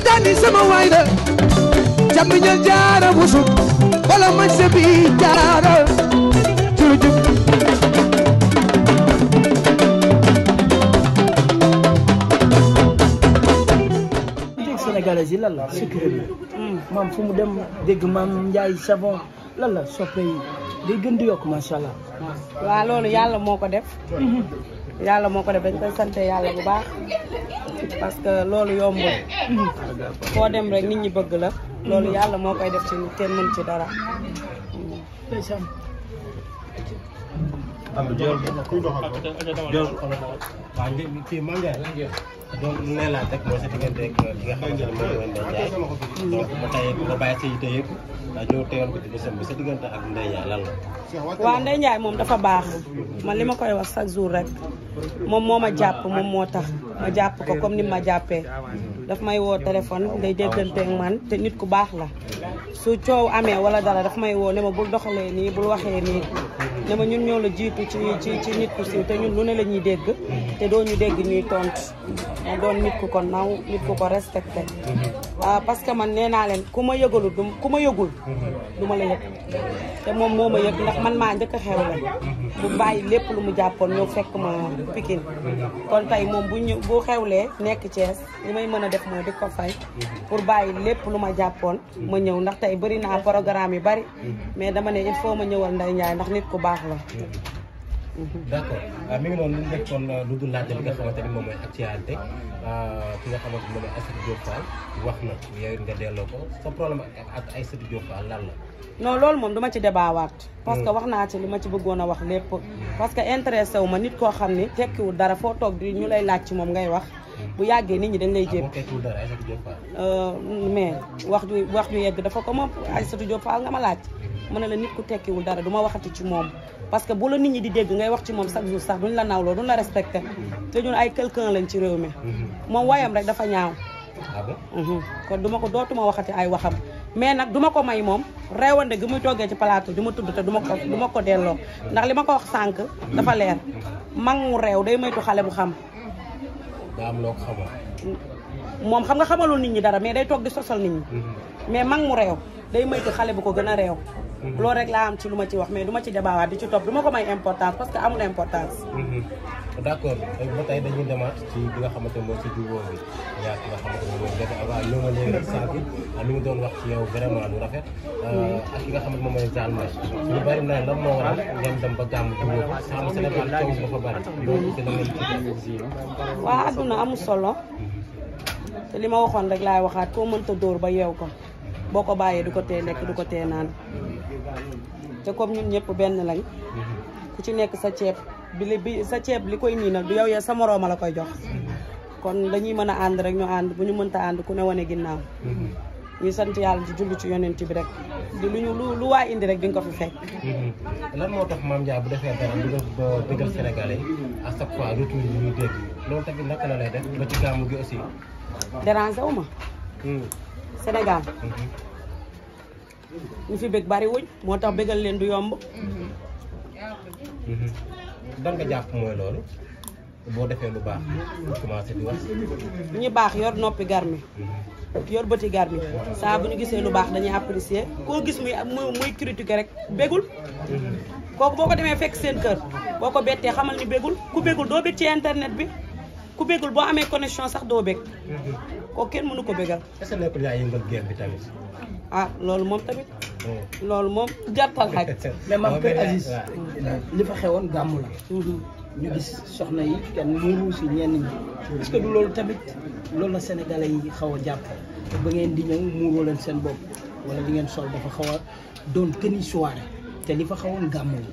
Mauritanie sama waay la jàmm ñal jaara busuk wala mañ se bi jaara jurujub la sécurité maam fu mu dem dégg ma Njaay savon lan la soppe yi day di yokk macha allah waaw loolu yàlla moo ko def mhm. yàlla moo ko def dañ koy sante yàlla bu baax parce que loolu yombul foo dem rek nit ñi bëgg la loolu yàlla moo koy def ci nit kenn mën ci dara am na jël jël waaw kii Mame Ndiaye donc li lay laaj rek mooy moom dafa baax man li ma koy wax chaque jour rek moom moo ma jàpp moom moo tax ma jàpp ko comme ni ma jàppee. dafa may woo téléphone ngay déggante man te nit ku baax la su coow amee wala dara daf may woo ne ma bul doxalee nii bul waxee nii ne ñun ñoo la jiitu ci ci nit ku siiw te ñun lu ne la ñuy dégg te doo ñu dégg ñuy tontu ma doon nit ku ko naw nit ku ko respecté Ah, parce que man nee naa leen ku ma yëgalu du ku ma yëgul du ma la yëg te moom moo ma yëg ndax man maa njëkk a xew la bu bàyyi lépp lu mu jàppoon ñëw fekk ma Pikine kon tey moom bu ñu bu xewlee nekk Thiès li may mën a def mooy di ko fay pour bàyyi lépp lu ma jàppoon ma ñëw ndax tey bëri naa programme yu bari mais dama ne il foo ma ñëwal Ndeye ndax nit ku baax la d' accord ah, mi ngi noonu ñu nekkoon euh, lu dul laajte li nga xamante ni moom mooy actualité ah, ki nga xamante ni moom mooy Aïssatou Diop Fall nga delloo ko sa problème ak Aïssatou Diop Fall lan la. non loolu moom duma ci débaawaat. parce que hmm. wax naa ci li ma ci bëggoon a wax lépp. Hmm. parce que intéressé wu ma nit koo xam ni tekkiwul dara foo toog di ñu lay laaj ci moom ngay wax. bu yàggee nit ñi dañ lay jéem euh, mais wax ju wax ju yegg dafa ko moom Aïssatou Diop Fall nga ma laaj mën na la nit ku tekkiwul dara duma ma waxati ci moom parce que bu la nit ñi di dégg ngay wax ci moom chaque jour sax duñ la nawloo duñ la respecté te ñun ay quelqu'un lañ ci réew mi mhm. moom wayam rek dafa ñaaw ah mhm. kon duma ko dootuma waxati ay waxam mais nag duma ko may moom reewande gi muy toggee ci palaatu du ma tudd te duma ko du ma ko delloo ndax li ma ko wax sànq dafa leer mag mu reew day moytu xale bu xam daa am loo moom xam nga xamalul nit ñi dara mais day toog di sosal nit ñi. Mm-hmm. mais mag mu réew day moytu xale bu ko gën a reew Mhm. loolu rek laa am ci lu ma ci wax mais du ma ci débat di ci topp du ma ko may importance parce que amul importance. Mhm. d' accord ba tey dañuy demaat ci nga xamante ne mooy ci jubóo bi ah, doon wax ci yow vraiment lu rafet. Ah, ak li nga xamante moom mooy Zane Mbaye. ñu bëri naan lan moo waral ngeen dem ba gàmm jubóo ko xam nga Sénégal coow bari bëri. loolu ci la ngeen ci waaw adduna amul solo. Mhm. te li ma waxoon rek laay waxaat koo mënta dóor ba yeew ko boo ko bàyyee du ko tee lekk du ko tee naan. te comme ñun ñëpp benn lañ mm-hmm. ku ci nekk sa ceeb bi li bi sa ceeb li koy niinal du yow ya sa morooma la koy jox mm-hmm. kon dañuy mën a ànd rek ñu ànd bu ñu mënta ànd ku ne wane ginnaaw mm-hmm. ñu sant yàlla di julli ci yonent bi rek di lu ñu lu lu waa indi rek dinga ko fi fekk lan moo tax Mame Ndiaye bu defee dara dugal ba bëggal Sénégalais a chaque fois retour yi ñuy dégg loolu tamit naka la lay def ba ci gàmmu aussi déranger ma mm. Sénégal ñu fi bëgg bariwuñ moo tax bëggal leen du yomb. dan mhm. nga jàpp mooy loolu boo defee lu baax commencé di wax. ñi baax yor noppi garmi mhm. yor bëti garmi saa bu ñu gisee lu baax dañuy apprécier koo gis muy muy critiquer rek bégul. Mhm. kooku boo ko demee fekk seen kër boo ko bettee xamal ni bégul ku bégul doo bég ci internet bi ku bégul boo amee connexion sax doo bég. koo kenn mënu ko bégal. est-ce que nekkul yaa bi tamit. ah loolu moom tamit. Oh. loolu moom gàttal xaj. mais maam oh, Kër ah, ah. li fa xewoon gàmmu la. Mhm. ñu gis soxna yi kenn si ñenn ñi. tamit loolu la sénégalais yi xaw a jàpp ba ngeen muuroo leen seen bopp wala di ngeen sol dafa xaw a doon tenue soirée te li fa xawoon gàmmu la.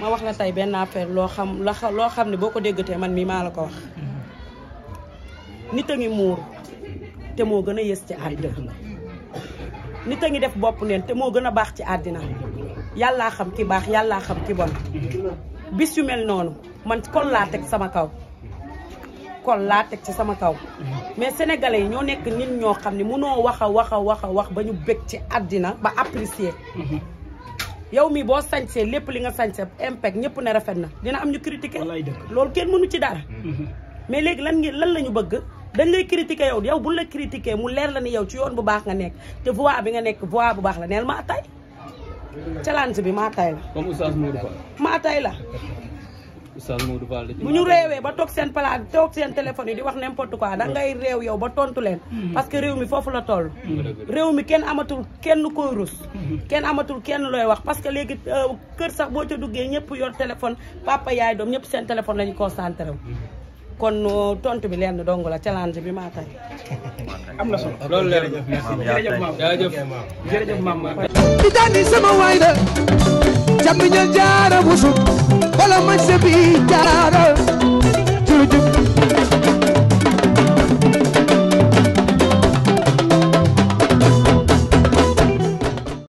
ma wax la tey benn affaire loo xam loo xam ne boo ko déggatee man mii maa la ko wax. nit a ngi muur te moo gën a yées ci àddina nit a ngi def bopp neen te moo gën a baax ci àddina yàllaa xam ki baax yàllaa xam ki bon bis yu mel noonu man kol laa teg sama kaw kol laa teg ci sama kaw mais sénégalais yi ñoo nekk nit ñoo xam ne noo wax a wax a wax a wax ba ñu bég ci àddina ba apprécier yow mi boo sañsee lépp li nga sañse impact ñëpp ne rafet na dina am ñu critiquer loolu kenn mënu ci dara mm-hmm. mais léegi lan ngeen bëgg dañ lay critiquer yow yow bu la critiquer mu leer la ni yow ci yoon bu baax nga nekk te voie bi nga nekk voie bu baax la neel maa tay challenge bi maa tay la. mu Oustaz la. Oustaz Modou Fall bu ñu réewee ba toog seen palaat toog seen téléphone yi di wax n'importe quoi da ngay réew yow ba tontu leen. Hmm. parce que réew mi foofu la toll. Hmm. réew mi kenn amatul kenn koy rus. Hmm. kenn amatul kenn looy wax parce que léegi euh, kër sax boo ca duggee ñëpp yoon téléphone papa yaay doom ñëpp seen téléphone la ñu concentré wu. kon euh, tontu bi lenn dong la challenge bi maa tay am na solo loolu leer na jërëjëf maam jërëjëf maam jërëjëf di daal sama waay la. jàmm ña jaara bu